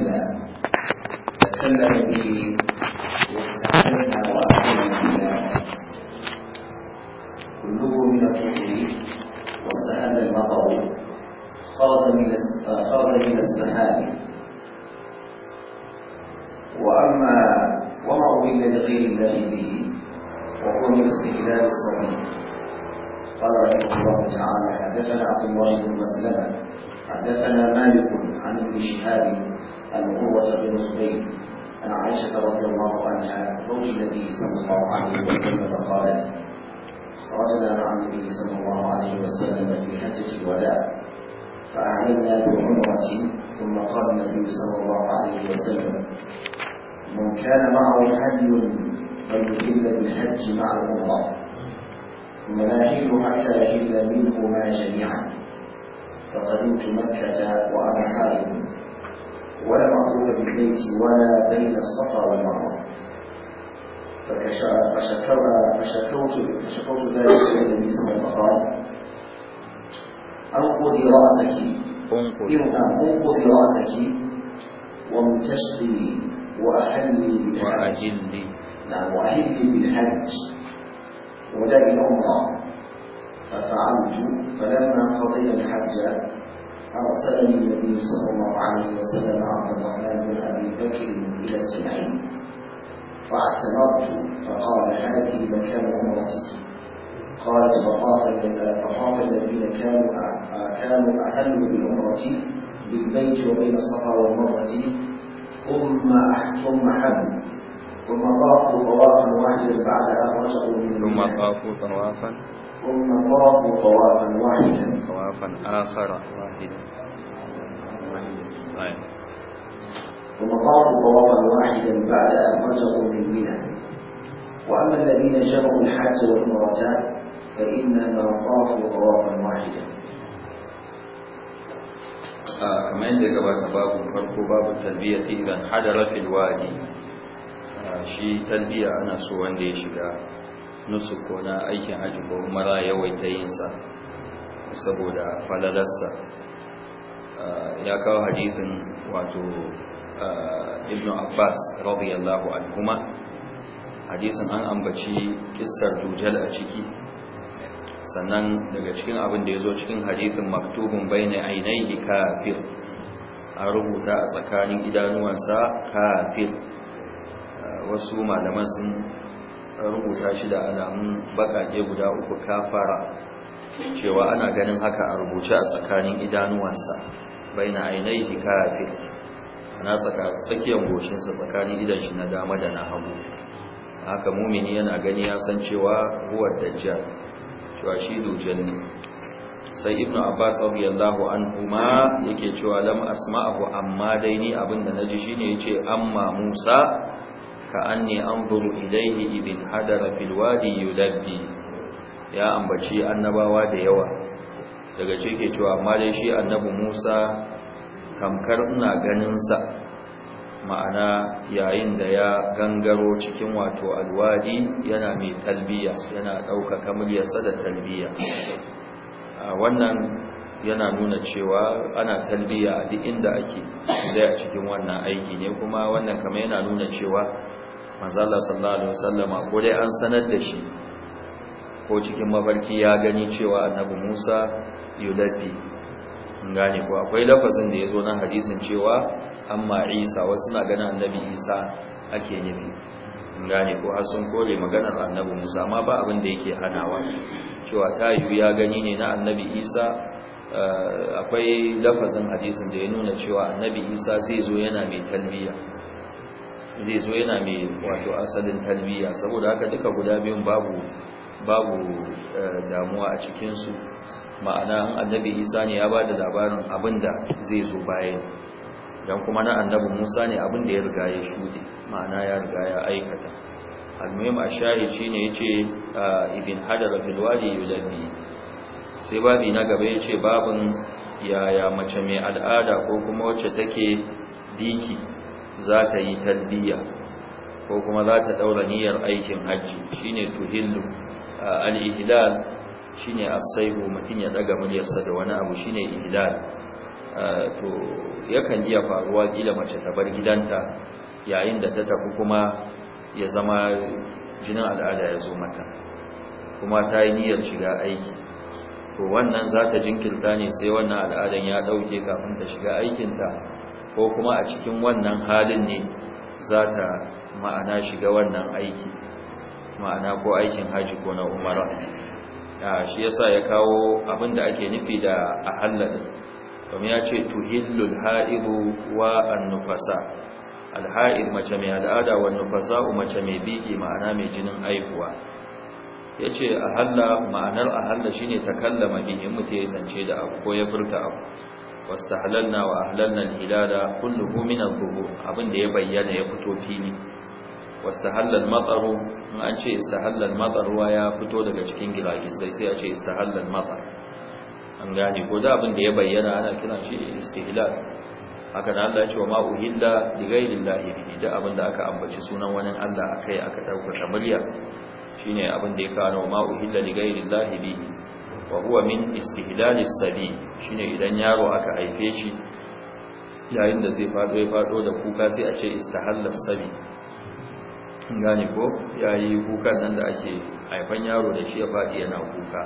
وسلم تكلم به واستعملنا وأخذنا كله من الطفل واستهل المطر خرج من خرج من السحاب وأما وما أهل لغير الله به وهو من استهلال الصبي قال رحمه الله تعالى حدثنا عبد الله بن مسلمه حدثنا مالك عن ابن شهاب النبوة بن خبيب عن عائشة رضي الله عنها زوج النبي صلى الله عليه وسلم قالت خرجنا مع النبي صلى الله عليه وسلم في حجة الوداع فأعلنا بعمرة ثم قال النبي صلى الله عليه وسلم من كان معه هدي فليهل بالحج مع العمرة ثم لا يحل حتى يحل منهما جميعا فقدمت مكة وأنا حائل ولا مطلوب بالبيت ولا بين الصفا والمروة فشكوت فشكوت ذلك الى النبي صلى الله عليه وسلم انقضي راسك انقضي إيه راسك وامتشطي واحلي واجلي نعم واحلي بالحج ودائما عمره ففعلت فلما قضينا الحج أرسلني النبي صلى الله عليه وسلم عبد الرحمن بن أبي بكر إلى تنعيم فاعتمرت فقال هذه مكان عمرتك قالت فقام الذين كانوا كانوا أهل بالعمرة بالبيت وبين الصفا والمروة ثم ثم حبوا ثم طافوا طوافا واحدا بعدها رجعوا من ثم طافوا طوافا ثم طافوا طوافا واحدا طوافا آخر واحدا طيب. ثم طافوا طوافا واحدا بعد أن رجعوا من منى وأما الذين جمعوا الحج والعمرة فإنما طافوا طوافا واحدا آه، كما yadda gabata باب farko باب التلبية إذا hadarar filwadi shi talbiya ana so wanda ya shiga nusu ko na aikin hajji ko mara yawaita yinsa saboda falalarsa ah, ya kawo hadithin wato ah, ibn abbas radiyallahu anhuma hadisin an ambaci kissar dujal a ciki sannan daga cikin abin da ya zo cikin hadithin maktubun bayna ainihi kafir an rubuta a tsakanin idanuwansa kafir ah, wasu malaman sun rubuta shi da alamun bakaje guda uku kafara cewa ana ganin haka a rubuce a tsakanin idanuwansa baina ainihi hikafi ana tsakiyar goshinsa tsakanin idan shi na dama da na hagu haka mumini yana gani ya san cewa huwar dajjal cewa shi dujjal ne sai ibnu abbas radiyallahu anhu ma yake cewa lam asma'ahu amma dai ni abin da na naji shine yace amma musa كأني أنظر إليه Ibin انحدر في الوادي يلبي يا annabawa da yawa. daga ke cewa amma dai shi annabi Musa tamkar ina ganin sa ma'ana yayin da ya gangaro cikin wato alwadi yana mai talbiya yana ɗauka kamuryarsa da talbiya wannan yana nuna cewa ana talbiya a duk inda ake zai a cikin wannan aiki ne kuma wannan kama yana nuna cewa manzo Allah sallallahu alaihi wasallama ko dai an sanar da shi ko cikin mafarki ya gani cewa annabi Musa yulabbi gane ko akwai lafazin da yazo nan hadisin cewa amma Isa wasu na ganin annabi Isa ake nufi gane ko har sun kore maganar annabi Musa amma ba abin da yake hanawa cewa ta yiwu ya gani ne na annabi Isa eh, akwai lafazin hadisin da ya nuna cewa annabi Isa zai zo yana mai talbiya zai zo yana mai wato asalin talbiya saboda haka duka guda biyun babu babu eh, damuwa a cikinsu ma'ana an annabi isa ne ya ba da labarin abinda zai zo bayan don kuma na annabi musa ne abinda ya riga ya shuɗe ma'ana ya riga ya aikata almuhim a shahi shi ne ya ce eh, ibin hadar da yulabi sai babi na gaba ya ce babin yaya mace mai al'ada ko kuma wacce take diki za ta yi talbiya ko kuma za ta daura niyyar aikin hajji Shi shine tuhillu al shi ne as-sayhu mutum ya daga muryarsa da wani abu shi ne ihilal to yakan iya faruwa gila mace ta bar gidanta yayin da ta tafi kuma ya zama jinin al'ada ya zo mata kuma ta yi niyyar shiga aiki to wannan za ta jinkirta ne sai wannan al'adan ya ɗauke kafin ta shiga aikinta ko kuma a cikin wannan halin ne za ta ma'ana shiga wannan aiki ma'ana ko aikin haji ko na umara shi yasa ya kawo abinda da ake nufi da a halladin kuma ya ce tuhillul ha'idu wa annufasa alha'id mace mai al'ada wa nufasa mace mai biki ma'ana mai jinin aihuwa ya ce a halla ma'anar a halla shine ta kallama bihin mutu ya zance da abu ko ya furta abu واستحللنا وأهللنا الهلال كله من الظهور أبن دي بيّن يكتو فيني واستحل المطر أن شيء استحل المطر ya fito daga cikin gilagizai sai a ce istahalla al-matar an gane ko da abin da ya bayyana ana kiran shi istihlal haka da Allah ya ce wa ma'uhilla li ghayrillahi bihi da abin da aka ambaci sunan wani Allah akai aka dauka kamariya shine abin da ya kawo ma'uhilla li ghayrillahi bihi wa huwa min istihlali sabi shine idan yaro aka haife shi yayin da zai fado ya fado da kuka sai a ce istahalla sabi gane ko yayi kukan nan da ake haifan yaro da shi ya fadi yana kuka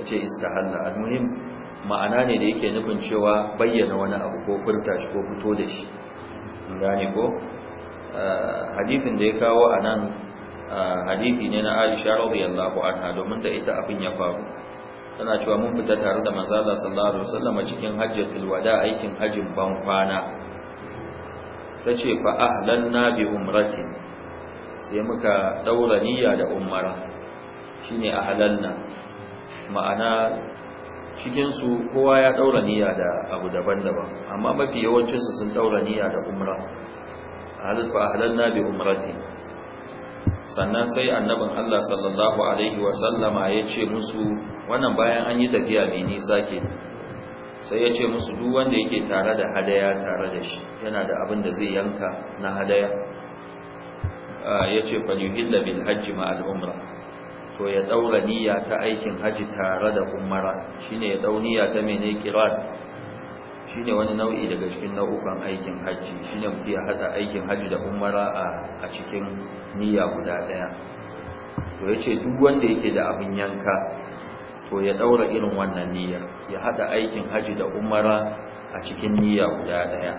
A ce istahalla almuhim ma'ana ne da yake nufin cewa bayyana wani abu ko furta shi ko fito da shi gane ko ah, hadisin da ya kawo anan ah, hadisi ne na Aisha radiyallahu anha domin da ita abin ya faru tana cewa mun fita tare da manzo Allah sallallahu alaihi wasallam cikin hajjatul wada aikin hajjin ban kwana tace fa ahlanna bi umratin sai muka daura niyya da umara shine ahlanna ma'ana cikin su kowa ya daura niyya da abu daban-daban amma mafi yawancin su sun daura niyya da umra ahlan fa ahlanna bi umratin sannan sai annabin Allah sallallahu alaihi wasallama ya ce musu wannan bayan an yi tafiya mai nisa ke sai ya ce musu duk wanda yake tare da hadaya tare da shi yana da abin da zai yanka na hadaya ya ce falyuhilla bil hajji ma al'umra to ya daura niyya ta aikin haji tare da umara ne ya daura niyya ta kira Shi ne wani nau'i daga cikin nau'ukan aikin hajji, shi ne mutum ya haɗa aikin hajji da umara a cikin niyya guda ɗaya. to ya ce duk wanda yake da abin yanka to ya daura irin wannan niyya ya hada aikin haji da umara a cikin niyya guda daya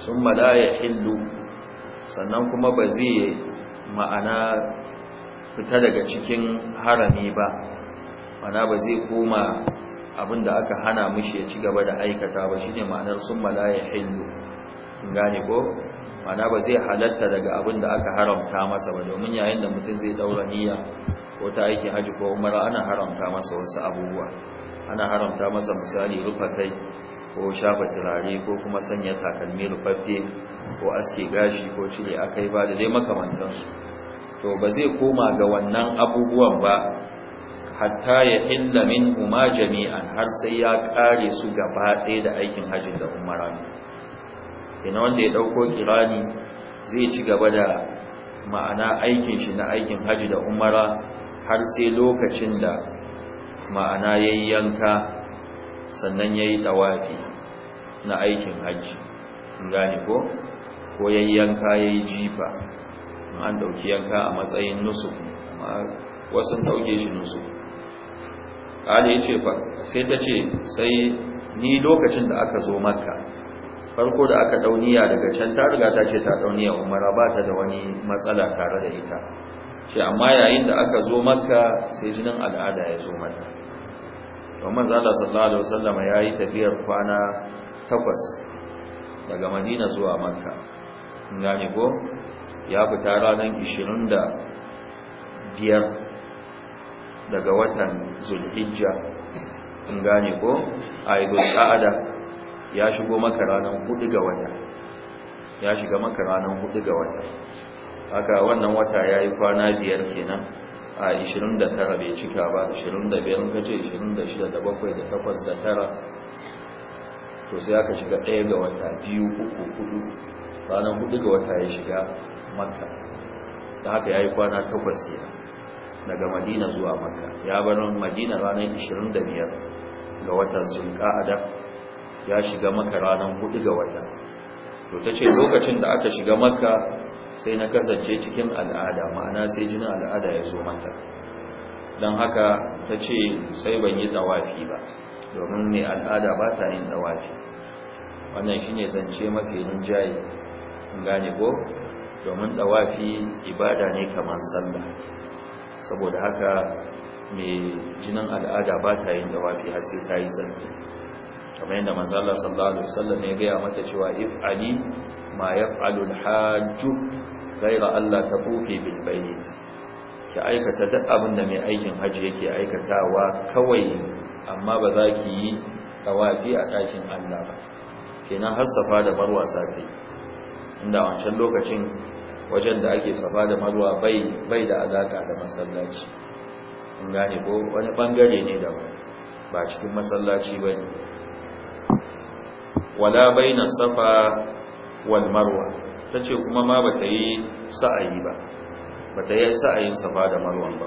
Sun malaya yahillu sannan kuma ba zai ma'ana fita daga cikin harami ba mana ba zai koma abinda aka hana mishi ya ci gaba da aikata ba shine ma'anar summa ya yahillu gane ko mana ba zai halatta daga abinda aka haramta masa ba domin yayin da mutum zai daura niyya ko ta aikin haji ko umara ana haramta masa wasu abubuwa ana haramta masa misali rufa kai ko shafa turare ko kuma sanya takalmi rufaffe ko aske gashi ko cire akai ba da dai makamantansu to ba zai koma ga wannan abubuwan ba hatta ya illa min huma jami'an har sai ya kare su gaba ɗaya da aikin hajji da umara ina wanda ya ɗauko kirani zai ci gaba da ma'ana aikin shi na aikin hajji da umara har sai lokacin da ma'ana yayyanka sannan yayi tawafi na aikin hajji gane ko ko yayyanka yayi jifa an dauki yanka a matsayin nusuk amma wasu dauke shi nusuk Ali yace fa sai ta ce sai ni lokacin da aka zo makka farko da aka dauniya daga can ta riga ta ce ta dauniya umara ba ta da wani matsala tare da ita shi amma yayin da aka zo maka sai jinin al'ada ya zo mata domin zala sallallahu alaihi wasallama ya yi tafiyar kwana takwas daga madina zuwa makka in gane ko ya fita ranar 25 daga watan zulhijja in gane ko a idul ƙa'ada ya shigo maka ranar 4 ga wata ya shiga maka ranar 4 ga wata haka wannan wata ya yi kwana biyar kenan a 29 bai cika ba 25 ka ce 26 da 7 da 8 da 9 to sai aka shiga ɗaya ga wata biyu uku hudu ranar hudu ga wata ya shiga makka da haka ya yi kwana takwas kenan daga madina zuwa makka ya barin madina ranar 25 ga watan ka'ada ya shiga makka ranar hudu ga wata to ta ce lokacin da aka shiga makka sai na kasance cikin al'ada ma'ana sai jinin al'ada ya zo mata don haka ta ce sai ban yi dawafi ba domin ne al'ada ba ta yin dawafi wannan shi ne zance mafi jayi gane ko domin dawafi ibada ne kamar sallah saboda haka mai jinin al'ada ba ta yin dawafi har sai ta yi zarki kamar yadda manzo sallallahu alaihi wasallam ya gaya mata cewa if'ali ali ma yaf'alu al hajju. ghayra Allah tafufi bil bayt ki aikata duk abin da mai aikin haji yake aikatawa kawai amma ba za ki yi tawafi a ɗakin Allah ba kenan har safa da marwa safi inda wancan lokacin wajen da ake safa da marwa bai bai da alaka da masallaci in gane ko wani bangare ne da ba cikin masallaci bane wala baina safa wal marwa tace kuma ma bata yi sa'ayi ba bata yi sa'ayin safa da marwa ba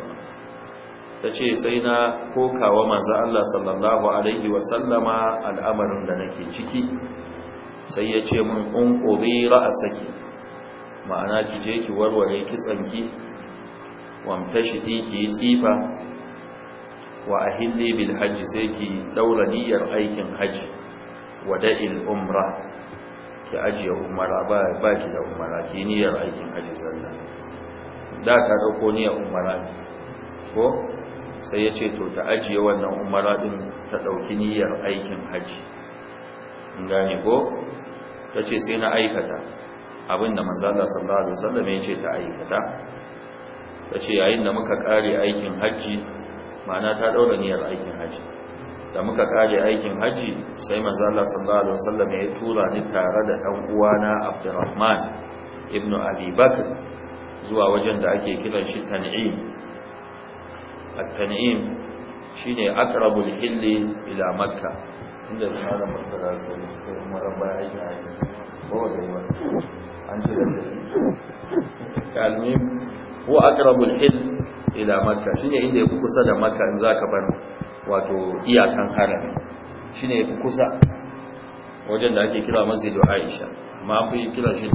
tace sai na kokawa manzo Allah sallallahu alaihi wa sallama al'amarin da nake ciki sai ya ce mun unqudi ra'asaki ma'ana ki je ki warware kitsanki wamtashidi ki tsifa wa ahilli bil hajji sai ki daura niyyar aikin hajji wada'il umra ki ajiye umara ba ba ki da umara ki niyyar aikin haji sallah da ka dauko niyyar umara ko sai ya ce to ta ajiye wannan umara din ta dauki niyyar aikin haji in gane ko ta ce sai na aikata abinda manzala sallallahu alaihi wasallam ya ce ta aikata ta ce yayin da muka kare aikin haji ma'ana ta daura niyyar aikin haji da muka kare aikin haji sai manzo sallallahu alaihi wasallam ya tura ni tare da dan uwana Abdurrahman ibn Abi Bakr zuwa wajen da ake kiran shi Tan'im at-Tan'im shine aqrabul hilli ila Makka inda suna da martaba sai marabba aikin haji ko da yawa an ce da kalmi huwa aqrabul hilli ila makka shine inda yake kusa da makka in zaka bar wato iyakan harami shine yake kusa wajen da ake kira masjidu aisha amma akwai kira shi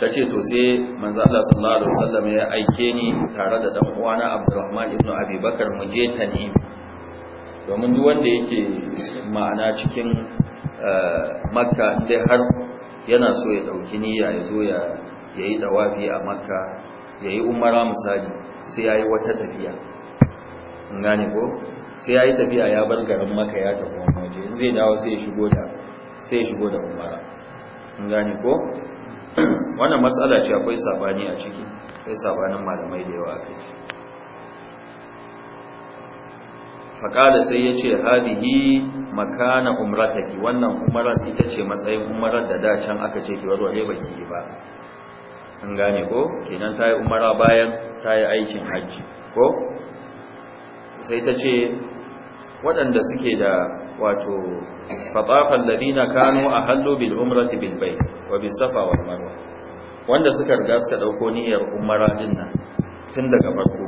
ta ce to sai manzo Allah sallallahu alaihi wasallam ya aike ni tare da dan uwana Abdurrahman ibn Abi Bakar mu je tan'im domin duk wanda yake ma'ana cikin eh, makka dai har yana so ya dauki niyya ya zo ya yayi dawafi a makka ya yi umara misali sai ya yi wata tafiya in ko sai ya yi tafiya ya bar garin maka ya tafi wani waje in zai dawo sai ya shigo da sai ya shigo da umara in ko wannan matsala ce akwai sabani a ciki sai sabanin malamai da yawa a kai faƙada sai ya ce hadihi makana umrataki wannan umarar ita ce matsayin umarar da da can aka ce ki warware baki ba an gane ko kenan ta umara bayan tayi aikin hajji ko sai ta ce waɗanda suke da wato faɗafan ladina kano a hallo bil umrati bil bai wa bis safa wal marwa wanda suka riga suka ɗauko niyyar umara din nan tun daga farko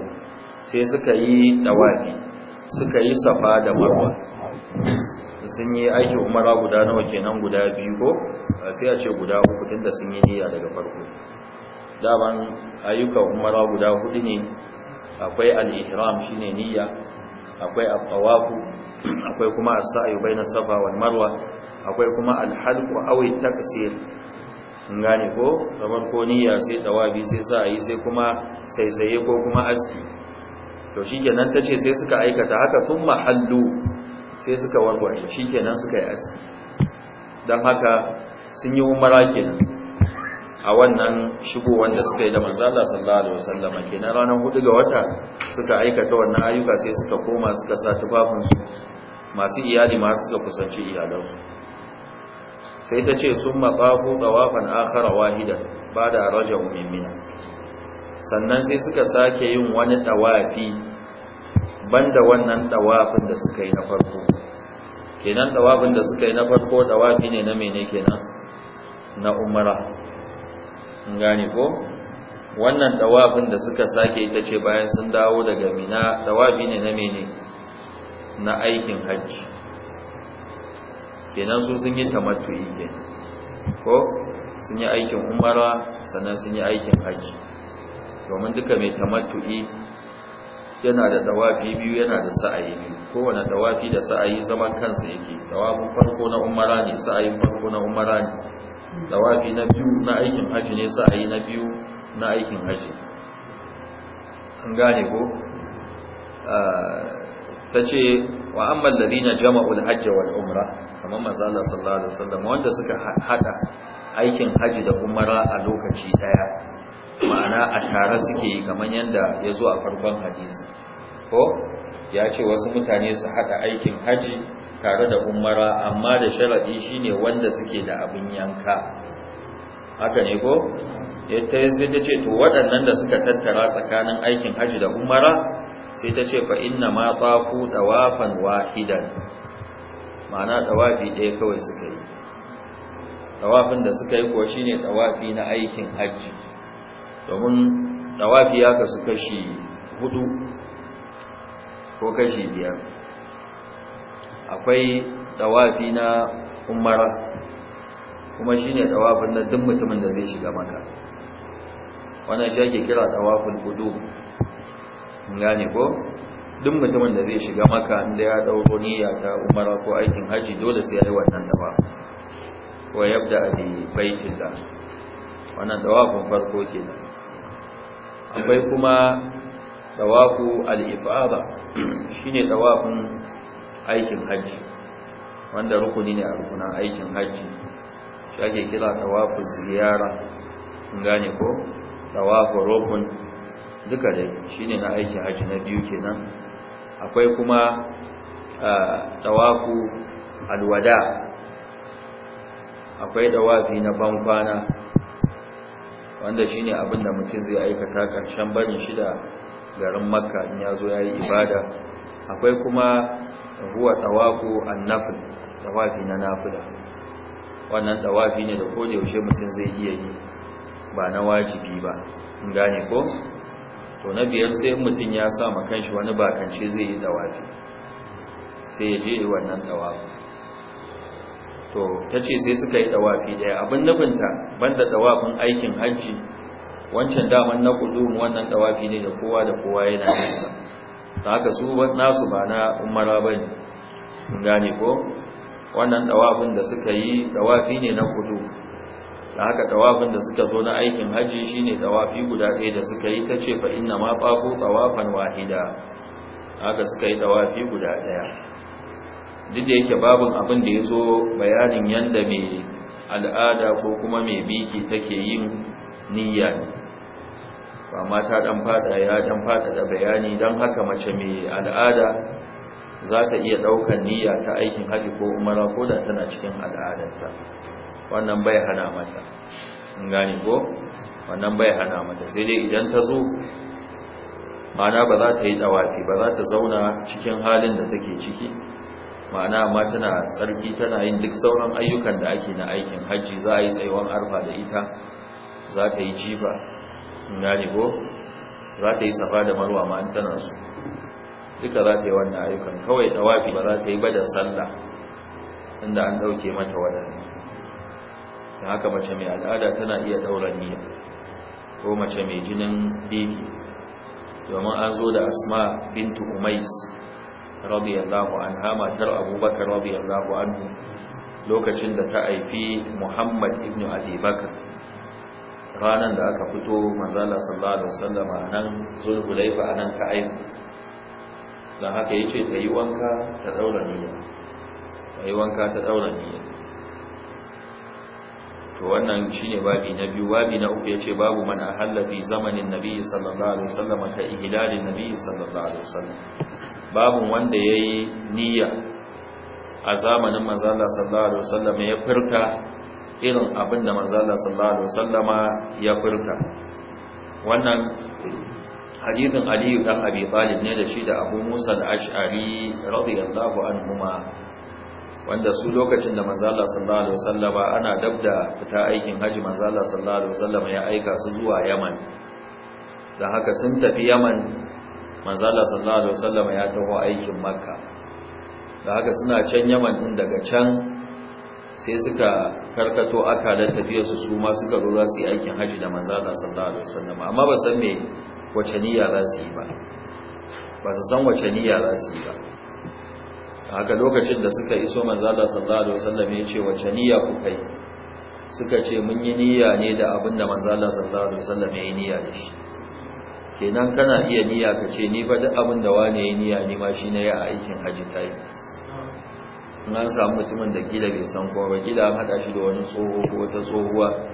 sai suka yi dawafi suka yi safa da marwa sun yi aiki umara guda nawa kenan guda biyu ko sai a ce guda uku tunda sun yi niyya daga farko daban ayyukan umara guda hudu ne akwai al-ihram shine niyya akwai at akwai kuma as-sa'i baina safa wal marwa akwai kuma al-halqu aw at In gane ko kamar ko niyya sai tawafi sai sa'i sai kuma saisaye ko kuma aski to shikenan tace sai suka aikata haka thumma hallu sai suka warware shikenan suka yi aski dan haka sun yi umara kenan a wannan shigo wanda suka yi da manzala sallallahu alaihi wasallama kenan ranar hudu ga wata suka aikata wannan ayyuka sai suka koma suka sa tufafinsu masu iyali ma suka kusanci iyalansu sai ta ce sun maɓafu ɗawafan akhara wahida ba da raja umimina sannan sai suka sake yin wani ɗawafi banda wannan ɗawafin da suka yi na farko kenan ɗawafin da suka yi na farko ɗawafi ne na mene kenan na umara sun gane ko wannan dawafin da suka sake ita ce bayan sun dawo daga mina dawafi ne na mene na aikin hajji kenan su sun yi tamattu'i kenan ko sun yi aikin umara sannan sun yi aikin hajji domin duka mai tamattu'i yana da dawafi biyu yana da sa'ayi biyu kowane dawafi da sa'ayi zaman kansa yake dawafin farko na umara ne sa'ayin farko na umara ne tawafi na biyu na aikin haji ne a yi na biyu na aikin haji an gane ko ah, ta ce wa amman na jama'ul hajji wa umra kamar mazala sallallahu alaihi wasallam wanda suka hada aikin hajji da umara a lokaci daya ma'ana a tare suke yi kamar ya zo a farkon hadisi ko ya ce wasu mutane su hada aikin hajji tare da umara amma da sharadi shine wanda suke da abin yanka haka ne ko yadda eh, sai ta ce to waɗannan da suka tattara tsakanin aikin hajji da umara sai ta ce fa inna ma tafu tawafan wahidan ma'ana tawafi ɗaya kawai suka yi tawafin da suka yi kuwa shine tawafi na aikin hajji domin tawafi ya kasu kashi hudu ko kashi biyar akwai tawafi na umara kuma shi ne tawafin na duk mutumin da zai shiga maka wannan shi ake kira tawaful qudum gane ko duk mutumin da zai shiga maka inda ya dauro niyya ta umara ko aikin haji dole sai ya yi wannan dawa wa yabda bi da wannan tawafin farko ke nan. akwai kuma tawafu al shi ne tawafin aikin hajji wanda rukuni ne a rukunan aikin hajji shi ake kira tawafu ziyara in gane ko tawafu rukun duka shi ne na aikin hajji na biyu kenan akwai kuma tawafu alwada akwai tawafi na bankwana wanda shi ne abinda mutum zai aikata karshen barin shida garin makka in ya zo ya yi ibada akwai kuma huwa طواف النفل طواف na wannan tawafi ne da kodi yaushe mutum zai iya yi ba na wajibi ba in gane ko to na biyar sai mutum ya sa ma kanshi wani bakance zai yi tawafi sai ya je wannan tawafi to tace sai suka yi tawafi daya abin nufinta banda tawafin aikin hajji wancan daman na kudu wannan tawafi ne da kowa da kowa yana nisa da haka su nasu ba na umara ba ne gane ko wannan dawafin da suka yi dawafi ne na kudu da haka dawafin da suka zo na aikin haji ne dawafi guda ɗaya da suka yi ta ce fa inna ma tsafu dawafan wahida haka suka yi dawafi guda ɗaya duk da yake babin abin da ya zo bayanin yadda mai al'ada ko kuma mai biki take yin niyya amma mata dan fada ya dan fada da bayani dan haka mace mai al'ada za ta iya daukar niyya ta aikin haji ko umara ko da tana cikin al'adarta wannan bai hana mata in gane ko wannan bai hana mata sai dai idan ta zo ma'ana ba za ta yi dawafi ba za ta zauna cikin halin da take ciki ma'ana amma tana tsarki tana yin duk sauran ayyukan da ake na aikin hajji za a yi tsayuwan arfa da ita za ta yi jifa gane ko za ta yi safa da marwa ma an tana su duka za ta yi wannan ayyukan kawai ɗawafi ba za ta yi ba da sallah inda an dauke mata wadannan da haka mace mai al'ada tana iya daura niyya ko mace mai jinin dini domin an zo da asma bintu umais radiyallahu anha matar abubakar radiyallahu anhu lokacin da ta haifi muhammad ibnu abi bakar ranar da aka fito manzala sallallahu alaihi wasallam a nan zulhulaifa a nan ka aiki Da haka ya ce ta yi wanka ta daura niyya ta yi wanka ta daura niyya to wannan shine babi na biyu babi na uku yace babu man ahalla fi zamanin nabiyyi sallallahu alaihi wasallam ta ihlalin nabiyyi sallallahu alaihi wasallam babu wanda yayi niyya a zamanin manzala sallallahu alaihi wasallam ya furta irin abin da manzala sallallahu alaihi wasallama ya furta wannan hadithin aliyu dan abi talib ne da shi da abu musa da ash'ari radiyallahu anhuma wanda su lokacin da manzala sallallahu alaihi wasallama ana dabda fita aikin haji manzala sallallahu alaihi wasallama ya aika su zuwa yaman da haka sun tafi yaman manzala sallallahu alaihi wasallama ya taho aikin makka da haka suna can yaman din daga can sai suka karkato da tafiya su ma suka rura su yi aikin hajji da Allah sallallahu alaihi wasallam amma ba san me wace niyya za su yi ba ba su san wace niyya za su yi ba haka lokacin da suka iso Allah sallallahu alaihi wasallam ya ce wace niyya ku kai suka ce mun yi niyya ne da abin da Allah sallallahu alaihi wasallam ya yi niyya da shi kenan kana iya niyya ka ce ni fa duk abin da wane ya yi niyya ni ma shi ne ya aikin hajji tayi na samu mutumin da gida bai san kowa ba gida an haɗa shi da wani tsoho ko wata tsohuwa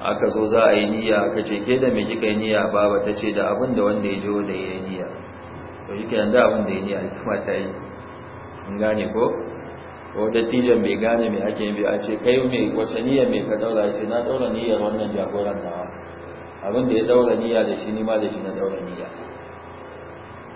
aka zo za a yi niyya aka ce ke da mai kika yi niyya baba ta ce da abin da wanda ya je wanda ya yi niyya to shi kenan da abin da ya niyya kuma ta yi in gane ko Ko tijan bai gane mai ake bi a ce kai mai wace niyya mai ka daura ce na daura niyyar wannan jagoran nawa abin da ya daura niyya da shi ni ma da shi na daura niyya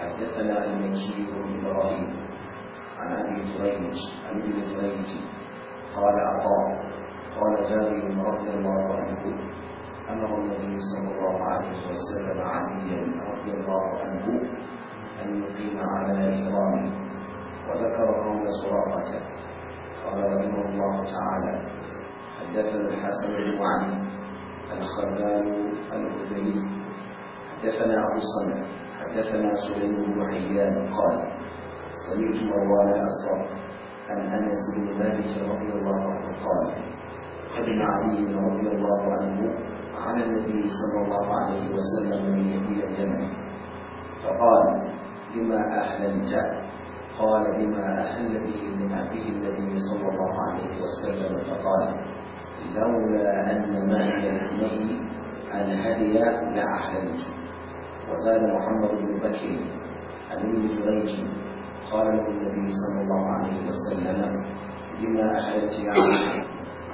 حدثنا المنشي بن ابراهيم عن ابي جريج عن ابن جريج قال عطاء قال جابر رضي الله عنه امر النبي صلى الله عليه وسلم عليا رضي الله عنه ان يقيم على الكرام وذكر قول سراقه قال رحمه الله تعالى حدثنا الحسن بن علي الخلال الاردني حدثنا ابو الصمد حدثنا سليم بن حيان قال سمعت مروان الأصفر عن أنس بن مالك رضي الله عنه قال قدم علي رضي الله عنه على النبي صلى الله عليه وسلم من يهود اليمن فقال بما احللت قال بما احل به من ابيه النبي صلى الله عليه وسلم فقال لولا أن معي الحمي الهدي لأحللت وزاد محمد بن بكر عن ابن جريج قال له النبي صلى الله عليه وسلم بما أحلت يا عمر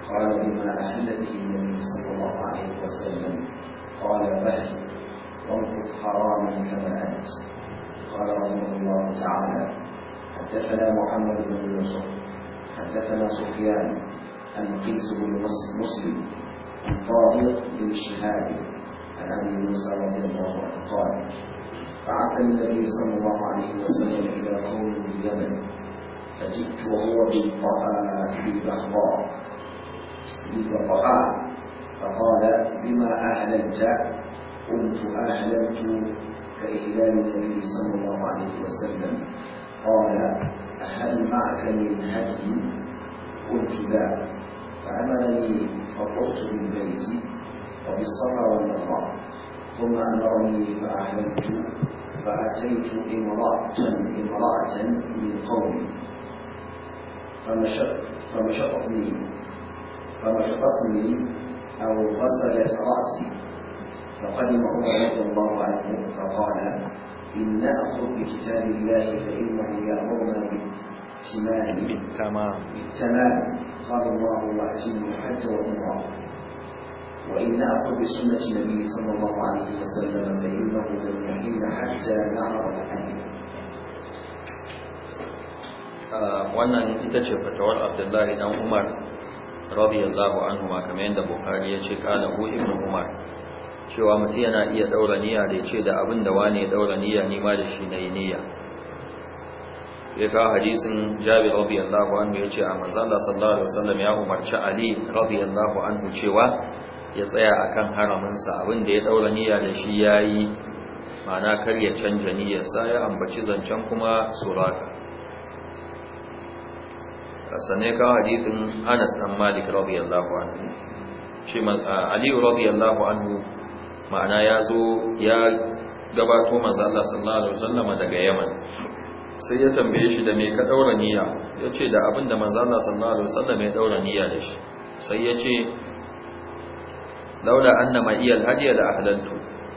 قال بما أحل به النبي صلى الله عليه وسلم قال به وانقض حراما كما أنت قال رحمه الله تعالى حدثنا محمد بن يوسف حدثنا سفيان عن قيس بن مسلم عن طارق بن الشهاب عن ابي موسى رضي الله عنه قال بعث النبي صلى الله عليه وسلم الى قوم اليمن فجئت وهو بالبغضاء بالبغضاء فقال بما اهللت قلت اهللت كإهلال النبي صلى الله عليه وسلم قال هل معك من هدي قلت لا فأمرني فطرت من بيتي وبالصفا والمروه ثم امرني فاعلنت فاتيت امراه امراه من قومي فمشطتني فمشطتني او غسلت راسي فقدم عمر رضي الله عنه فقال ان ناخذ بكتاب الله فانه يامرنا بالتمام بالتمام قال الله واتم حتى والعمره وإن أقل بسنة النبي صلى الله عليه وسلم فإنه لم يحل حتى نعرض الحديث wannan ita ce fatawar abdullahi dan umar rabi radiyallahu an huma kamar yadda bukari ya ce kala hu ibn umar cewa mutum yana iya daura niyya da ya ce da abin da wane ya daura niyya ni ma da shi na yi niyya ya sa hadisin jabir radiyallahu anhu ya ce a matsala sallar sallallahu alaihi wasallam ya umarci ali radiyallahu anhu cewa ya tsaya a kan haraminsa abinda ya daura niyya da shi ya ma'ana kar ya canja niyyarsa ya ambaci zancen kuma suraka sane kawo hadithin Anas dan Malik radiyallahu anhu shi Ali radiyallahu anhu ma'ana ya zo ya gabato manzo Allah sallallahu alaihi wasallam daga Yaman sai ya tambaye shi da me ka daura niyya yace da abin da manzo Allah sallallahu alaihi wasallam ya daura niyya da shi sai ya ce. laula anna ma iyal hadiya da ahlaltu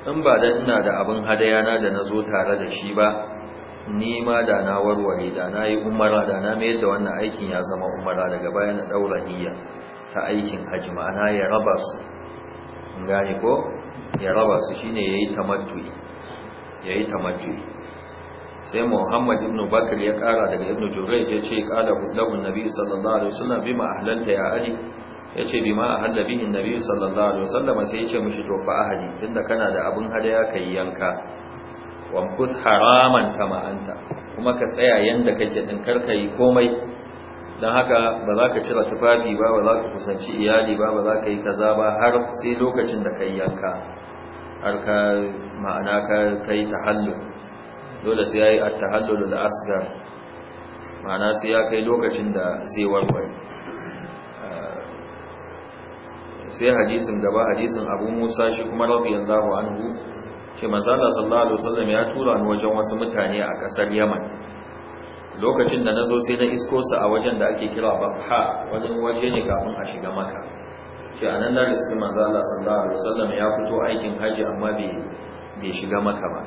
in ba da ina da abin hadaya na da nazo tare da shi ba ni ma da na warware da na yi umara da na mayar da wannan aikin ya zama umara daga baya na daura niyya ta aikin haji ma'ana ya raba su gane ko ya raba su shine yayi tamattu'i yayi tamattu'i sai Muhammad ibn Bakr ya kara daga ibn Jurayj ya ce qala hudda nabi sallallahu alaihi wasallam bima ahlalta ya ali ya ce bi ma a hallabihin nabi sallallahu alaihi wasallama sai ya ce mishi to fa ahadi tunda kana da abun hadaya ka yi yanka wamkus haraman kama anta kuma ka tsaya yanda kake din karka yi komai don haka ba za ka cira tufafi ba ba za ka kusanci iyali ba ba za ka yi kaza ba har sai lokacin da kai yanka har ka ma'ana ka yi tahallul dole sai ya yi at-tahallul al-asghar ma'ana sai ya kai lokacin da zai warware sai hadisin gaba hadisin abu musa shi kuma an hu ke mazala sallallahu alaihi wasallam ya tura ni wajen wasu mutane a kasar yaman lokacin da na zo sai na isko su a wajen da ake kira bakha wajen waje ne kafin a shiga maka ke a nan da riski mazala sallallahu alaihi wasallam ya fito aikin haji amma bai shiga maka ba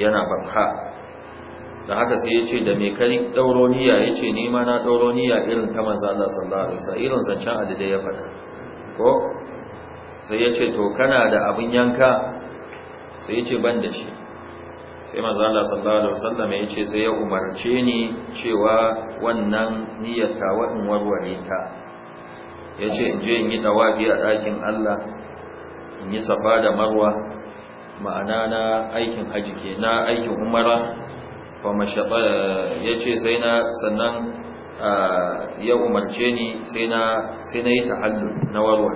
yana bakha da haka sai ya ce da mai kai dauro niyya ya ce ni ma na dauro niyya irin ta manzala sallallahu alaihi wasallam irin zancen adida ya faɗa ko sai ya ce to kana da abin yanka sai ya ce ban da shi sai manzo Allah sallallahu alaihi wasallam ya ce sai ya umarce ni cewa wannan niyyar ta in warware ta ya ce in je in yi dawabi a ɗakin Allah in yi safa da marwa ma'ana na aikin haji ke na aikin umara ya ce sai na sannan ya umarce ni sai na yi tahallu na warwa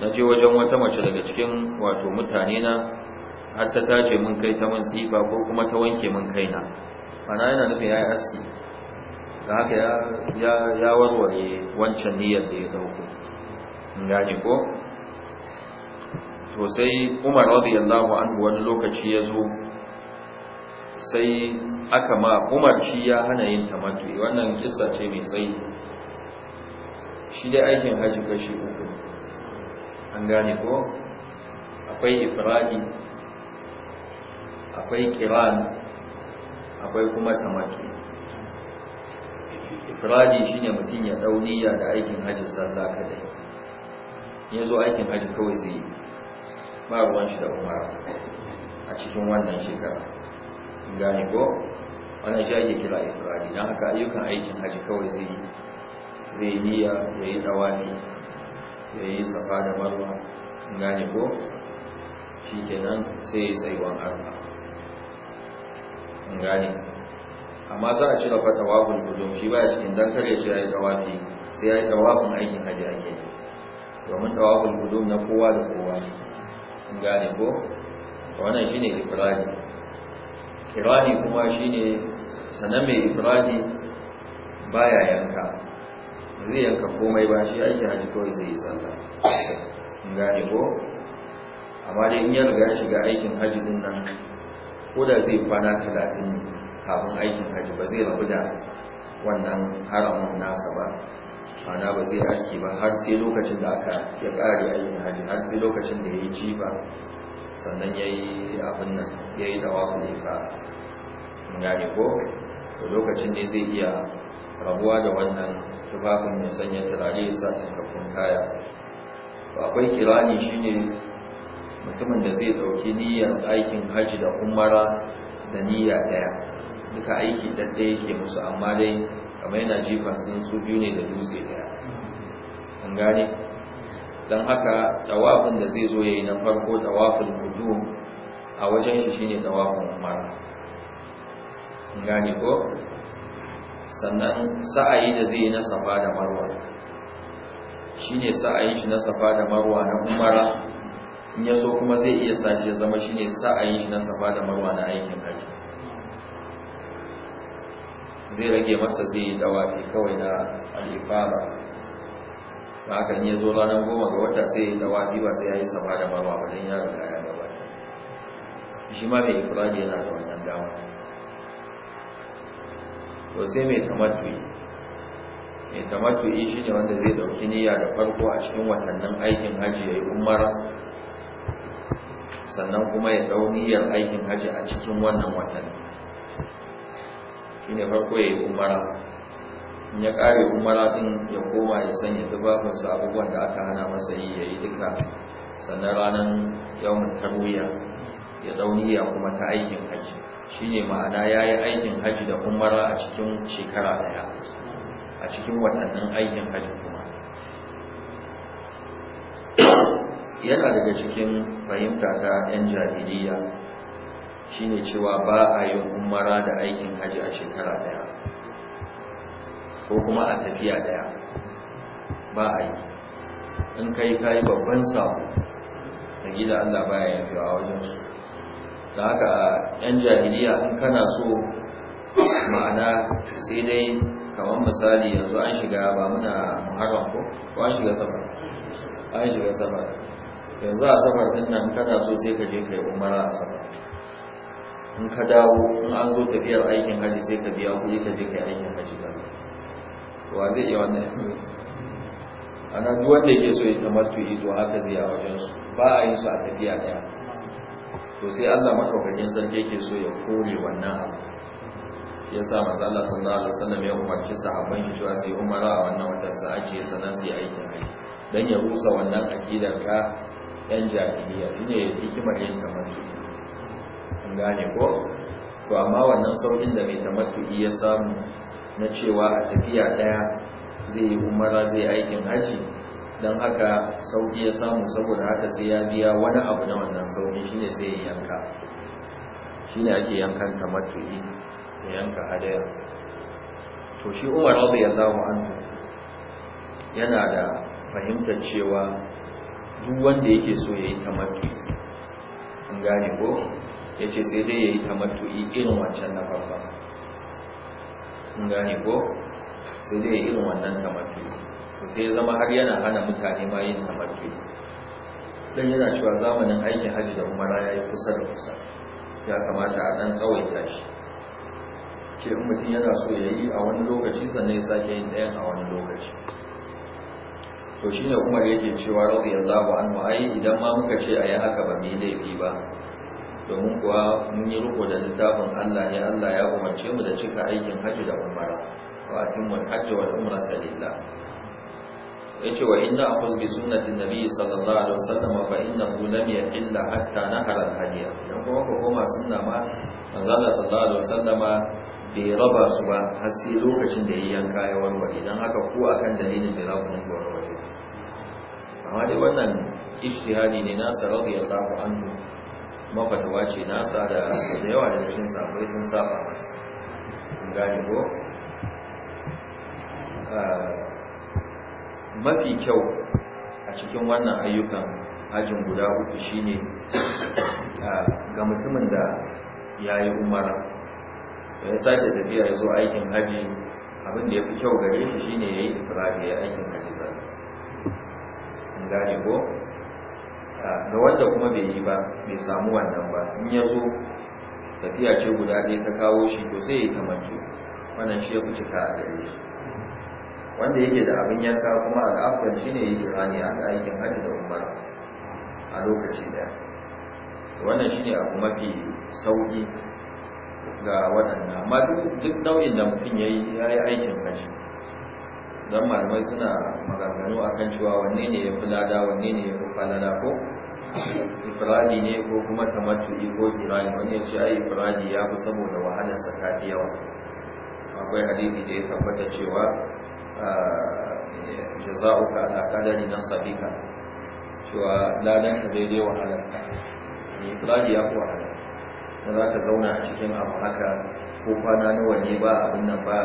na je wajen wata mace daga cikin wato mutane na har ta tace mun kai ta mun sifa ko kuma ta wanke mun kai na ana yana nufin ya yi aski da haka ya warware wancan niyyar da ya dauko gane ko to sai umar radiyallahu anhu wani lokaci ya zo sai aka ma umar shi ya hana yin tamatuwa wannan kissa ce mai tsayi shi dai aikin haji kashi uku an gane ko akwai ifradi akwai kiran akwai kuma ifirani ifradi shine mutum ya dauniya da aikin haji sallah kadai ya zo aikin haji kawai zai ba ruwan shi da Umar a cikin wannan shekara gani ko wannan shi ake kira ifradi don haka ayyukan aikin haji kawai zai zai niyya ya yi dawani ya yi safa da marwa gani ko shi kenan sai ya tsaiwan arba gani amma za a cire fata wafin gudun shi baya cikin don kare ce ya yi dawani sai ya yi dawafin aikin haji ake domin dawafin gudun na kowa da kowa gani ko wannan shi ne ifradi kirani kuma shine sanan mai ba baya yanka zai yanka komai ba shi aiki hajji kawai zai yi sallah gane ko amma dai in yana riga ga shiga aikin haji din nan ko da zai kwana talatin kafin aikin haji ba zai rabu da wannan haramun nasa ba mana ba zai aski ba har sai lokacin da aka ya kare aikin hajji har sai lokacin da ya yi jifa sannan ya yi abin nan ya yi tawafin ifada gane ko to lokacin ne zai iya rabuwa da wannan tufafin mai sanya turare ya sa kafin kaya ba akwai kirani ne mutumin da zai ɗauki niyyar aikin hajji da umara da niyya ɗaya duka aiki ɗaɗɗe yake musu amma dai kamar yana jifa sun su biyu ne da dutse ɗaya an gane don haka tawafin da zai zo ya yi na farko tawafin a wajen shi shine tawafin umara gani ko sannan sa'ayi da zai yi na safa da marwa shine sa'ayin shi na safa da marwa na umara in ya so kuma zai iya sace zama shine sa'ayin shi na safa da marwa na aikin haji zai rage masa zai yi dawafi kawai na alifara ta haka in ya zo ranar goma ga wata sai ya dawafi ba sai ya yi safa da marwa wajen don ya shi ma mai ifradi yana da wannan dama to sai mai tamattu'i mai tamattu'i shine wanda zai dauki niyya da farko a cikin watannin aikin haji yi umara sannan kuma ya dau niyyar aikin haji a cikin wannan watanni ne farko ya yi umara in ya kare umara din ya koma ya sanya tufafinsa abubuwan da aka hana masa yi ya yi duka sannan ranar yawon tarwiyya ya dauniya kuma ta aikin haji shine ma'ana ya yi aikin haji da umara a cikin shekara daya a cikin waɗannan aikin haji kuma yana daga cikin fahimta ta yan jahiliya shine cewa ba a yin umara da aikin haji a shekara daya ko kuma a tafiya daya ba a yi in kai kayi babban sabo da gida Allah baya yafi a wajen su da haka a yan jahiliya in kana so ma'ana sai dai kamar misali yanzu an shiga ba muna muharram ko ko an shiga safar an shiga safar yanzu a safar din nan kana so sai ka je kai umara a safar in ka dawo in an zo tafiyar aikin haji sai ka biya kuɗi ka je kai aikin haji ba wa zai iya wannan ana duk wanda yake so ya tamattu izo haka zai a wajen su ba a yin su a tafiya daya to sai Allah makaukakin sarki yake so ya kore wannan abu ya sa manzo Allah sallallahu alaihi wasallam ya umarci sahabban shi cewa sai umara a wannan watan sa ake sanan sai aikin haji dan ya rusa wannan akidar ka yan jahiliya shine hikimar yin tamattu an gane ko to amma wannan saukin da mai tamattu ya samu na cewa a tafiya daya zai yi umara zai aikin haji don haka sauki ya samu saboda haka sai ya biya wani abu na wannan sauki shine sai ya yanka shine ake yankan tamattu'i ya yanka hadaya to shi Umar radiyallahu anhu yana da fahimtar cewa duk wanda yake so yayi tamattu'i an gane ko yace sai dai yayi tamattu'i irin wancan na babba an gane ko sai dai irin wannan tamattu'i sai ya zama har yana hana mutane ma yin tamarki don yana cewa zamanin aikin hajji da umara ya yi kusa da kusa ya kamata a ɗan tsawaita shi ke in mutum yana so ya yi a wani lokaci sannan ya sake yin ɗayan a wani lokaci to shine kuma yake cewa radiyallahu an ma'ayi idan ma muka ce a yi haka ba mu laifi ba domin kuwa mun yi riko da littafin Allah ne Allah ya umarce mu da cika aikin hajji da umara wa atimul hajji umara ta lillah yace wa inna aquz bi sunnati nabi sallallahu alaihi wasallam fa innahu lam yahilla hatta nahara al-hadiya dan kuma ko kuma sunna ma manzo Allah sallallahu alaihi wasallama bai raba su ba har sai lokacin da yayi yanka ya wani dan haka ku akan dalilin da za ku wani wani amma dai wannan ijtihadi ne nasa radiyallahu anhu mafatawa ce nasa da da yawa da cikin sahabbai sun saba masa ko ah, mafi kyau a cikin wannan ayyukan hajjin guda uku shine ga mutumin da ya yi umara da ya sake tafiya ya zo aikin hajji abin da ya fi kyau gare shi shine ya yi ifirari ya aikin hajji ba in gane ko ga wanda kuma bai yi ba bai samu wannan ba in ya zo tafiya ce guda ɗaya ta kawo shi to sai ya yi tamanci wannan shi ya fi cika a gare shi wanda yake da abin yanka kuma shi ne yi turani a aikin hajji da umara a lokaci daya wannan shi ne abu mafi sauki ga waɗannan amma duk nau'in da mutum ya yi aikin hajji don malamai suna maganganu a kan cewa wanne ne ya fi lada wanne ne ya fi falala ko ifiradi ne ko kuma tamattu'i ko kirani wani ya ce ai ifiradi ya fi saboda wahalarsa ta fi yawa akwai hadisi da ya tabbata cewa jaza'uka ala kadari nasabika cewa ladan ka daidai wa halanka ne fulani ya kuwa halanka da za ka zauna a cikin abu haka ko kwana nawa ne ba abin nan ba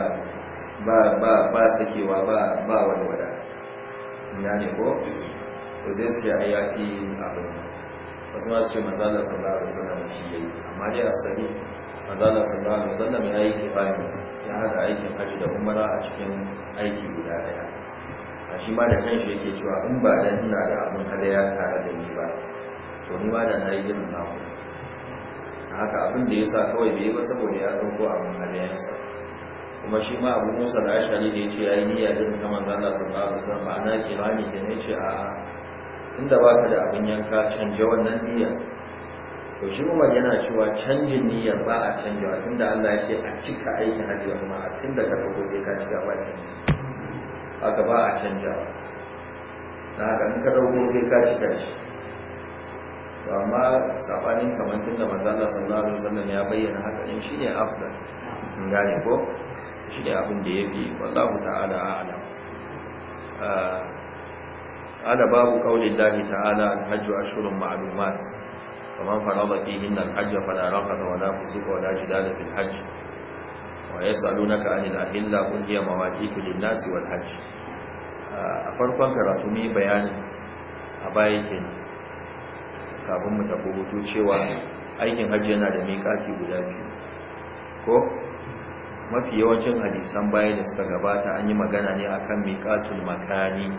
ba ba ba sakewa ba ba wada ina ne ko ko zai ce ai ya abin wasu ma su ce manzo sallallahu alaihi wasallam shi yayi amma dai asali manzala sallallahu alaihi wasallam ya yi kifani ya haɗa aikin hajji da umara a cikin aiki guda ɗaya a shi ma da kanshi yake cewa in ba dan ina da abin hadaya tare da ni ba to ni ma da na yi irin namu haka abin da ya sa kawai bai yi ba saboda ya ɗauko abin hadayansa kuma shi ma abu musa da ashari da ya ce ya yi niyya din na manzala sallallahu alaihi wasallam ma'ana kirani da ya ce a tunda baka da abin yanka canja wannan niyya to shi umar yana cewa canjin niyyar ba a wa tunda Allah ya ce a cika aikin hajji wa umar a da ka farko sai ka cika ba ce haka ba a wa na haka in ka dauko sai ka cika shi to amma sabanin kamar tunda da manzo Allah sallallahu alaihi wasallam ya bayyana haka in shine afdal in gane ko shine abin da yafi wallahu ta'ala a'lam قال باب قول الله تعالى الحج أشهر معلومات kamar faraba fi hin nan hajji fana raka da wana fi suka wada jida da fi hajji wa ya salo na ka'ani da kun iya mawaki fi nasi wal hajji a farkon karatu ne bayani a bayan kafin mu tafi hutu cewa aikin hajji yana da miƙaƙi guda biyu ko mafi yawancin hadisan baya da suka gabata an yi magana ne a kan miƙaƙin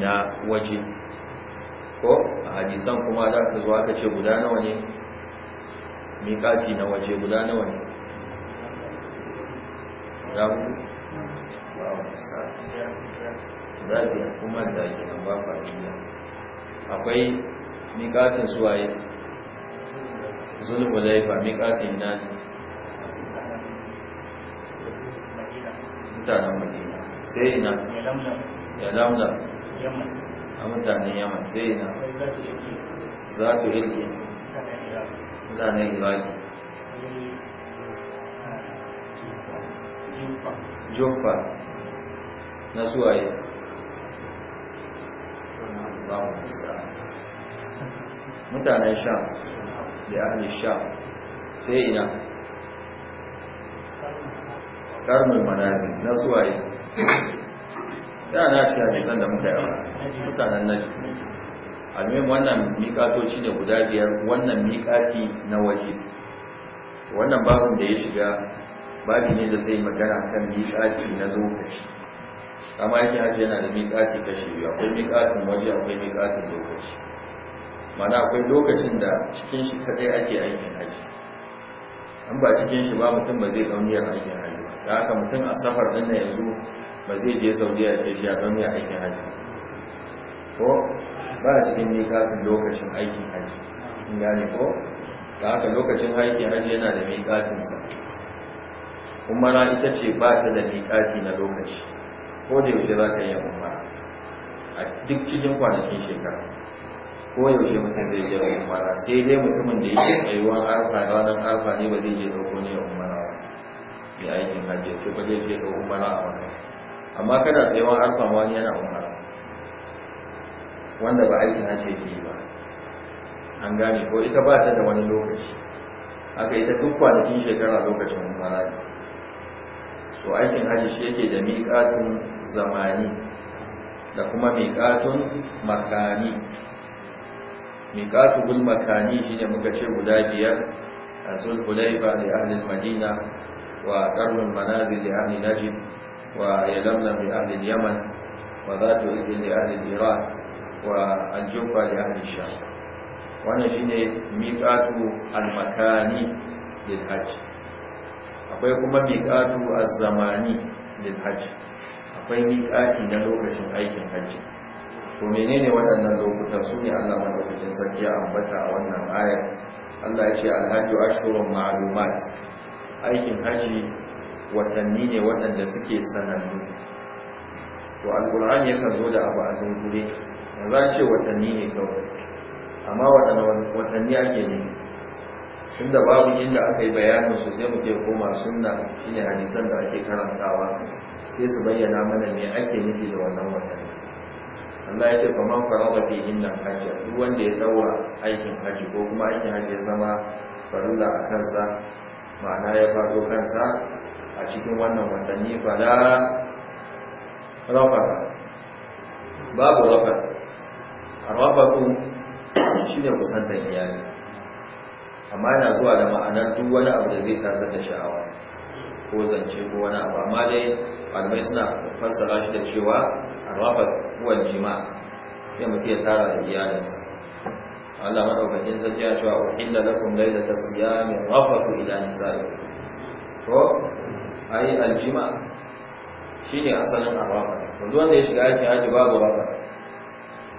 na waje ko hadisan kuma za ka zuwa ka ce guda nawa ne miƙati na waje guda nawa ne da ba ba wasa za ki kuma da ke nan ba fa'ida akwai miƙatin suwaye zulmu laifa miƙatin na mutanen madina sai ina ya lamda a mutane yaman sai na za ku ilki mutane iraki jufa na suwaye mutanen sham da ahli sham sai ina karnul manazin na suwaye yana na mai sanda da muka yawa mutanen naji almin wannan miƙatoci ne guda biyar wannan miƙati na waje wannan babin da ya shiga babi ne da sai magana kan miƙati na lokaci kama yake hajji yana da miƙati kashi biyu akwai miƙatin waje akwai miƙatin lokaci mana akwai lokacin da cikin shi kadai ake aikin haji an ba cikin shi ba mutum ba zai ɗauniyar aikin haji ba da haka mutum a safar ɗin na yanzu ba zai je a ce shi a don ya aikin hajji ko ba a cikin mikasin lokacin aikin hajji in gane ko da haka lokacin aikin hajji yana da kuma na ita ce ba ta da mikati na lokaci ko da yaushe za ka yi amma a duk cikin kwanakin shekara ko yaushe mutum zai je umara sai dai mutumin da yake tsayuwan arfa ranar arfa ne ba zai je dauko ne umara ya aikin hajji sai ba zai je dauko umara a wannan amma kana sai wani alfa wani yana umara wanda ba aiki na ce yi ba an gane ko ita ba ta da wani lokaci aka ita duk kwanakin shekara lokacin umara ne so aikin hajji shi yake da miƙatun zamani da kuma miƙatun makani miƙatun makani shine muka ce guda biyar a ba da ahlul madina wa ƙarnin manazil da ahlul najib Wa ويلملم لأهل اليمن وذات إذن لأهل الإيران والجوفة لأهل الشام wannan shine miqatu al-makani lil hajj akwai kuma miqatu az-zamani lil hajj akwai miqati na lokacin aikin hajji to menene waɗannan lokuta su ne Allah madaukakin sarki ya ambata a wannan ayar Allah ya ce al-hajju ashhurun ma'lumat aikin hajji watanni ne waɗanda suke sanannu to ya yakan zo da abu a dunkule za a ce watanni ne kawai amma waɗanda watanni ake ne tunda babu inda aka yi bayanin su sai muke koma sunna shine hadisan da ake karantawa sai su bayyana mana me ake nufi da wannan watanni Allah ya ce fa man fi innan hajj duk wanda ya dawa aikin hajji ko kuma aikin hajji ya zama farilla a kansa ma'ana ya faɗo kansa a cikin wannan watanni fala rafata babu rafata rafatu shi ne kusantar iyali amma yana zuwa da ma'anar duk wani abu da zai tasar da sha'awa ko zance ko wani abu amma dai malamai suna fassara shi da cewa a arwafa kuwan jima sai mutum ya tara da iyalinsa Allah madaukakin sarki ya cewa uhilla lakum laylata siyami rafatu ila nisa'i ko yi aljima shine asalin araba yanzu wanda ya shiga yake haji babu raba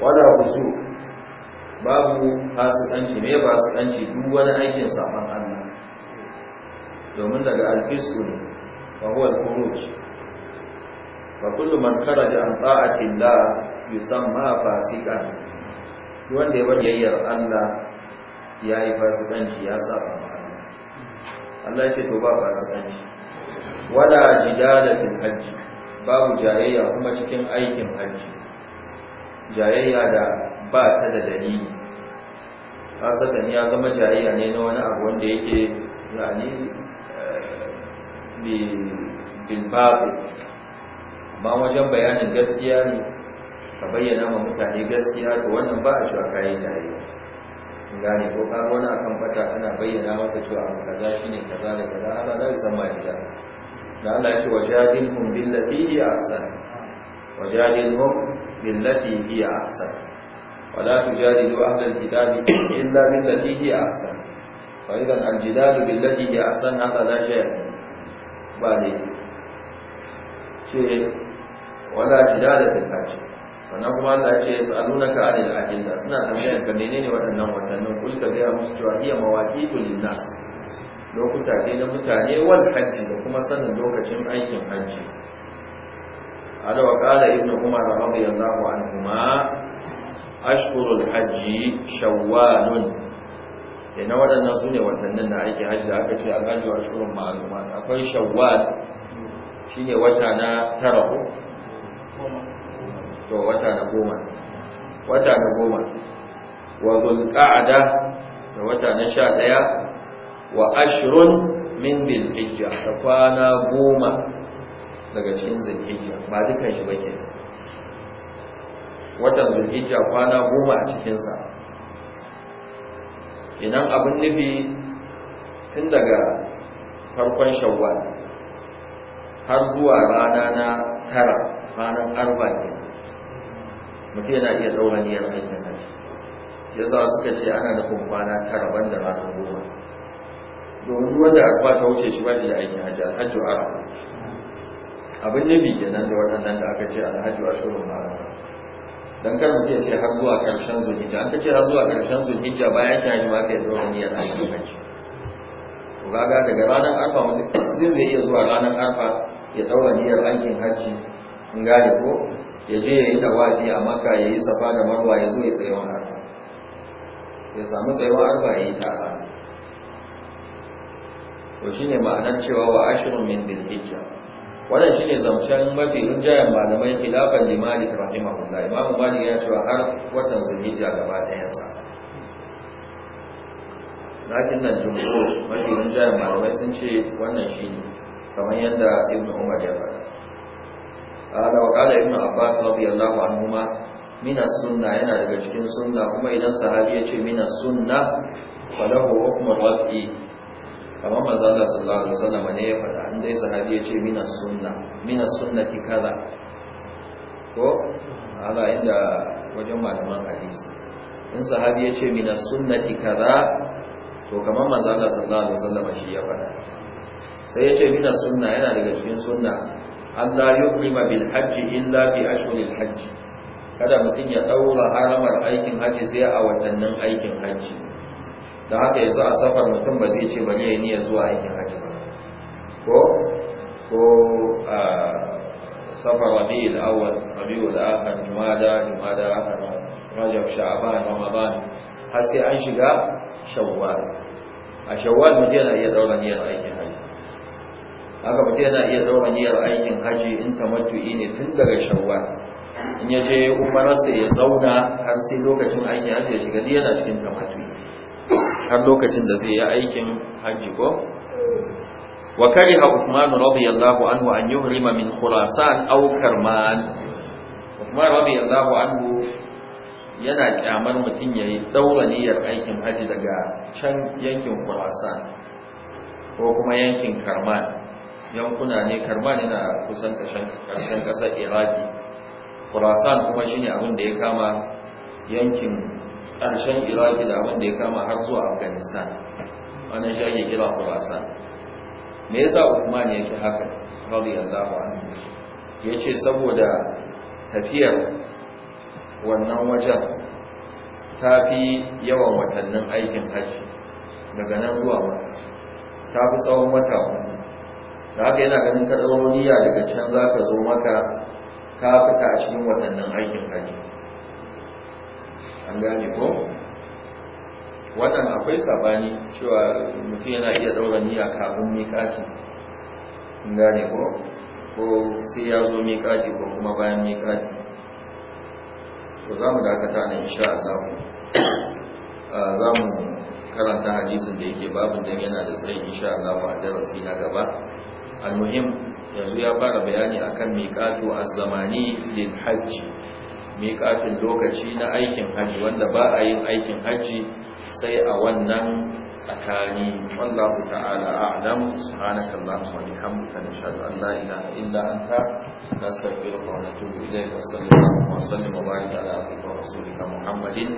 wala husu babu fasikanci me fasikanci duk wani aikin saban Allah domin daga alfisku ne wa huwa al-khuruj fa kullu man kharaja an ta'ati Allah yusamma fasiqan wanda ya bayyana Allah yayi fasikanci ya saba Allah Allah ya ce to ba fasikanci wala jidala fil hajj babu jayayya kuma cikin aikin hajj jayayya da ba ta da dalili ne ya zama jayayya ne na wani abu wanda yake yani bil babu amma wajen bayanin gaskiya ne ka bayyana ma mutane gaskiya to wannan ba a shaka kayi jayayya gane ko ka wani akan fata ana bayyana masa cewa abu kaza shine kaza da kaza ana da san da Allah yake wajadilhum billati hiya ahsan wajadilhum billati hiya ahsan wala tujadilu ahla alkitabi illa billati hiya ahsan fa idan aljidalu billati hiya ahsan hada la shay ba ne ce wala jidala ta hajj sannan kuma Allah ce yas'alunaka anil ahilla suna tambayar ka menene waɗannan watannin kulka ga musu cewa iya mawaƙi lin nas lokuta ne na mutane wal hajji da kuma sanin lokacin aikin hajji ala wa qala ibnu umar radiyallahu anhuma ashhurul hajji shawwalun ina eh, waɗannan su ne watannin da ake hajji aka ce alhaji wa ashhurul ma'lumat akwai shawwal shine wata na tara ko to wata na goma wata na goma wa dhulqa'da da wata na sha ɗaya wa ashrun min bil hijja da kwana goma daga cikin hijja ba dukan shi bake watan hijja kwana goma a cikinsa idan abin nufi tun daga farkon shawwal har zuwa rana na tara ranar arba ne mutum yana iya tsoron niyyar aikin hajji ya za suka ce ana nufin kwana tara banda ranar goma domin wanda arfa ta wuce shi ba shi da aikin hajji alhajju arafa abin nabi kenan da waɗannan da aka ce Alhaji alhajju ashurun arafa dan kan mutum ya ce har zuwa ƙarshen zulhijja an ta ce har zuwa ƙarshen zulhijja ba ya hajji ma ka yi dole niyyar aikin hajji to ga daga ranar arfa mutum zai iya zuwa ranar arfa ya ɗaura niyyar aikin hajji in gane ko ya je ya yi tawafi a maka ya yi safa da marwa ya zo ya tsaye arfa ya samu tsayuwar arfa ya yi tara to shine ma'anar cewa wa ashirin min hijja. wannan shi ne zancen mafi rinjayen malamai limani ta malik rahimahullah imamu mali ya cewa har watan zulhijja gaba ɗayan sa lakin nan jumhur mafi rinjayen malamai sun ce wannan shi ne, kamar yadda ibn umar ya faɗa قال وقال ابن عباس رضي an عنهما Minas sunna yana daga cikin sunna kuma idan sahabi ya ce min as-sunna falahu hukmu rafi kamar manzo Allah sallallahu alaihi wasallam ne ya faɗa an dai sahabi ya ce mina sunna mina sunnati kaza ko ala inda wajen malaman hadisi in sahabi ya ce mina sunnati kaza to kamar manzo Allah sallallahu alaihi wasallam shi ya faɗa sai ya ce mina sunna yana daga cikin sunna Allah yuqima bil hajji illa bi ashhuril hajji kada mutum ya daura haramar aikin haji sai a watannin aikin haji da haka yanzu a safar mutum ba zai ce ba ya niyya zuwa aikin haji ba ko ko a safar rabi'ul awwal rabi'ul akhir jumada jumada akhir rajab sha'ban ramadan har sai an shiga shawwal a shawwal mutum yana iya daura niyyar aikin haji haka mutum yana iya daura niyyar aikin haji in tamattu'i ne tun daga shawwal in ya je umararsa ya zauna har sai lokacin aikin haji ya shiga yana cikin tamattu'i har lokacin da zai yi aikin hajji ko wa kariha Uthman radiyallahu anhu an yuhrima min Khurasan aw Karman Uthman radiyallahu anhu yana kyamar mutum yayi daura niyyar aikin haji daga can yankin Khurasan ko kuma yankin Karman yankuna ne Karman yana kusan kashan kasar Iraki Khurasan kuma shine abin da ya kama yankin ƙarshen iraki da abin da ya kama har zuwa afghanistan wannan shi ake kira kurasa me yasa usman yake haka radiyallahu anhu yace saboda tafiyar wannan wajen ta fi yawan watannin aikin hajji daga nan zuwa wata ta fi tsawon wata wani da haka yana ganin kaɗauroniya daga can za ka zo maka ka fita a cikin watannin aikin hajji an gane ko wannan akwai sabani cewa mutum yana iya daura niyya kafin miƙati an gane ko ko sai ya zo miƙati ko kuma bayan miƙati to za mu dakata na insha Allah za mu karanta hadisin da yake babin dan yana da tsayi insha Allah a darasi na gaba al-muhim yanzu ya fara bayani akan miqatu az-zamani lil hajj miƙatin lokaci na aikin hajji wanda ba a yin aikin hajji sai a wannan tsakani wallahu ta'ala a'lam subhanaka allahumma wa bihamdika nashhadu an la ilaha illa anta nastaghfiruka wa natubu ilayka sallallahu wa sallim wa barik ala abdika wa rasulika muhammadin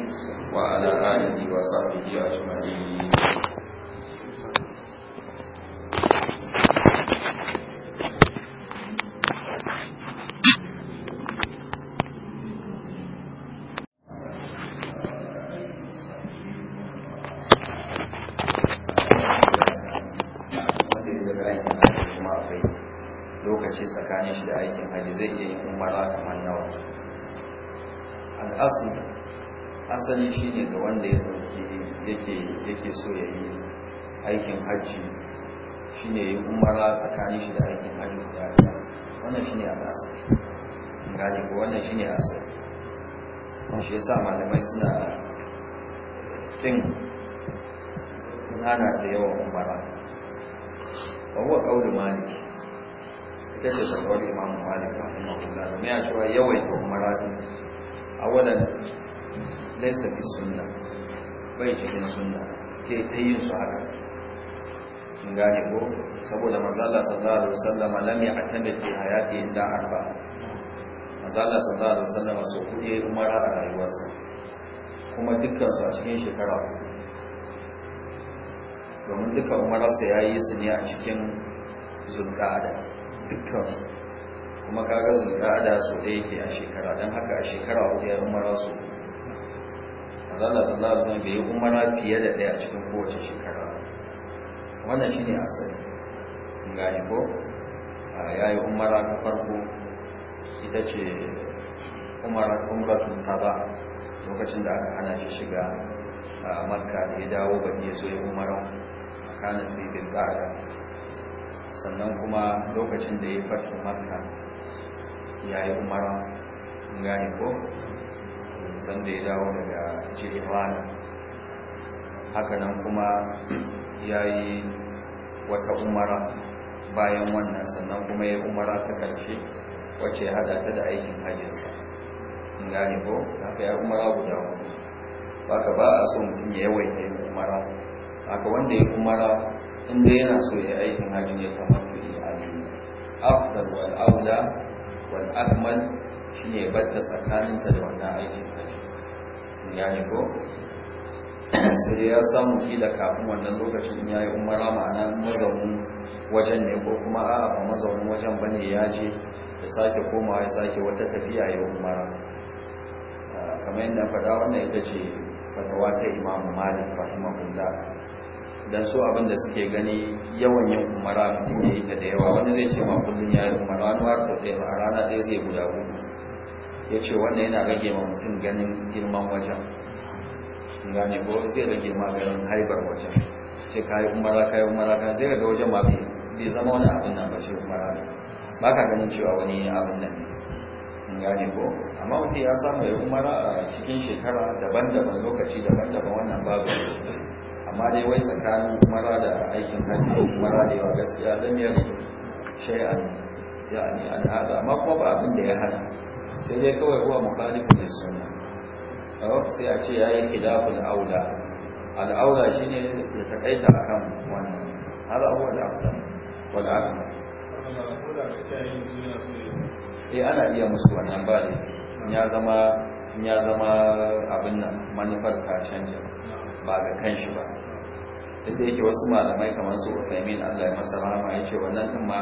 wa ala alihi wa sahbihi ajma'in zai iya yin umara kamar nawa al'asu asali shi ne ga wanda ya dauki yake so ya yi aikin hajji shi ne yi umara tsakanin shi da aikin hajji da ɗaya wannan shi ne al'asu gani ko wannan shi ne asali shi ya sa malamai suna kin nana da yawan umara wa kawo da maliki ita ce fatawar imamu malik rahimahullah domin ya cewa yawaita umara a awalan zai bi sunna bai cikin sunna ke ta yin su haka kin gane ko saboda manzala sallallahu alaihi wasallam lam ya'tami fi hayati illa arba manzala sallallahu alaihi wasallam su kudi umara a rayuwarsa kuma dukkan su a cikin shekara domin dukkan umararsa ya yi su ne a cikin zulkada dukkansu kuma kaga ada su ɗaya ke a shekara don haka a shekara hudu ya umara su azalla sallallahu alaihi wasallam bai yi umara fiye da daya a cikin kowace shekara wannan shine asali ni ko ya yi umara ta farko ita ce umara umratun taba lokacin da aka hana shi shiga makka da ya dawo ba ya so ya umara a fi bin bilqa'ada sannan kuma lokacin da ya fatin maka ya yi umara gani ko da ya dawo daga haka hakanan kuma ya yi wata umara bayan wannan sannan kuma ya umara ta karshe wacce ya hada ta da aikin hajjinsa gani ko haka ya umara guda hudu haka ba a so mutum ya yawaita yin umara haka wanda ya umara inda yana so ya aikin hajji ya kamata ya al-afdal wal aula wal akmal shine batta tsakaninta da wannan aikin hajji ya ne ko sai ya samu kila kafin wannan lokacin ya yi umara ma'ana mazaunin wajen ne ko kuma a ba mazaunin wajen bane ya je ya sake komawa ya sake wata tafiya ya umara kamar yadda faɗa wannan ita ce fatawa ta imamu malik rahimahullah dan so abin da suke gani yawan yin umara mutum ya yi ta da yawa wani zai ce ma kullum ya yi umara wani wata sau ɗaya a rana ɗaya zai guda hudu ya ce wanda yana rage ma mutum ganin girman wajen gane ko zai rage ma ganin haibar wajen ce ka yi umara ka yi umara ka zai rage wajen ma bai zama wani abin nan ba ce umara ba ka ganin cewa wani abin nan gane ko amma wanda ya samu ya umara a cikin shekara daban-daban lokaci daban-daban wannan babu amma dai wai tsakanin mara da aikin hajji mara da yawa gaskiya zan yi shay'an ya'ani an hada amma kuma ba abin da ya hana sai dai kawai huwa mukhalifu ne sunna aw sai a ce yayi khilaful aula al aula shine ya takaita akan wannan har huwa da afdal wal akmal eh ana iya musu wannan ba ne ya zama ya zama abin nan manufar ta canja ba ga kanshi ba duk da yake wasu malamai kamar su uthaymin Allah ya masa rahama ya ce wannan din ma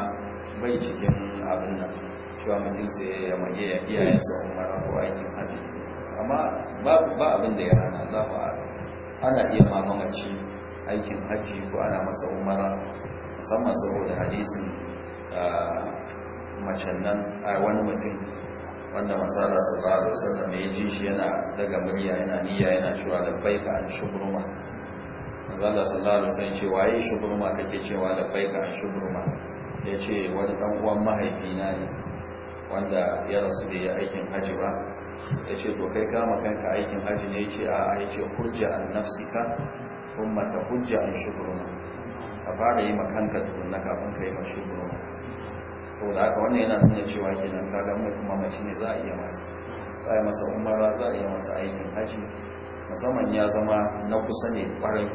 bai cikin abin nan cewa mutum sai ya mage ya iyayen sa umara ko aikin haji amma ba abin da ya rana Allah ba ana iya mamamaci aikin hajji ko ana masa umara musamman saboda hadisin ah, macen nan a ah, wani mutum wanda masala sallallahu alaihi wasallam ya ji shi yana daga murya yana niyya yana cewa labbaika an shukruma manzala sallallahu alaihi wasallam ce waye shubruma kake cewa da baika an ya yace wani dan uwan mahaifina ne wanda ya rasu da ya aikin haji ba yace to kai kama kanka aikin haji ne yace a yace hujja an nafsika kuma ta hujja an shugurma ka fara yi makanka tukunna kafin ka yi ma shugurma saboda haka wannan yana nuna cewa kenan ka ga mutum mamaci ne za a iya masa za a yi masa umara za a iya masa aikin haji musamman ya zama na kusa ne kwarai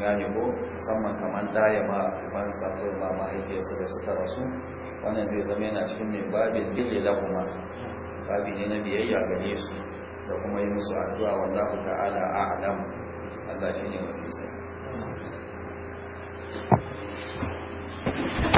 gane ko musamman kamar daya ma kamar sabon ba mahaifiyarsa da suka rasu wannan zai zama yana cikin mai babin da kuma babi ne na biyayya gare su da kuma yi musu addu'a wanda ku ta'ala a'lam Allah shine mafi sai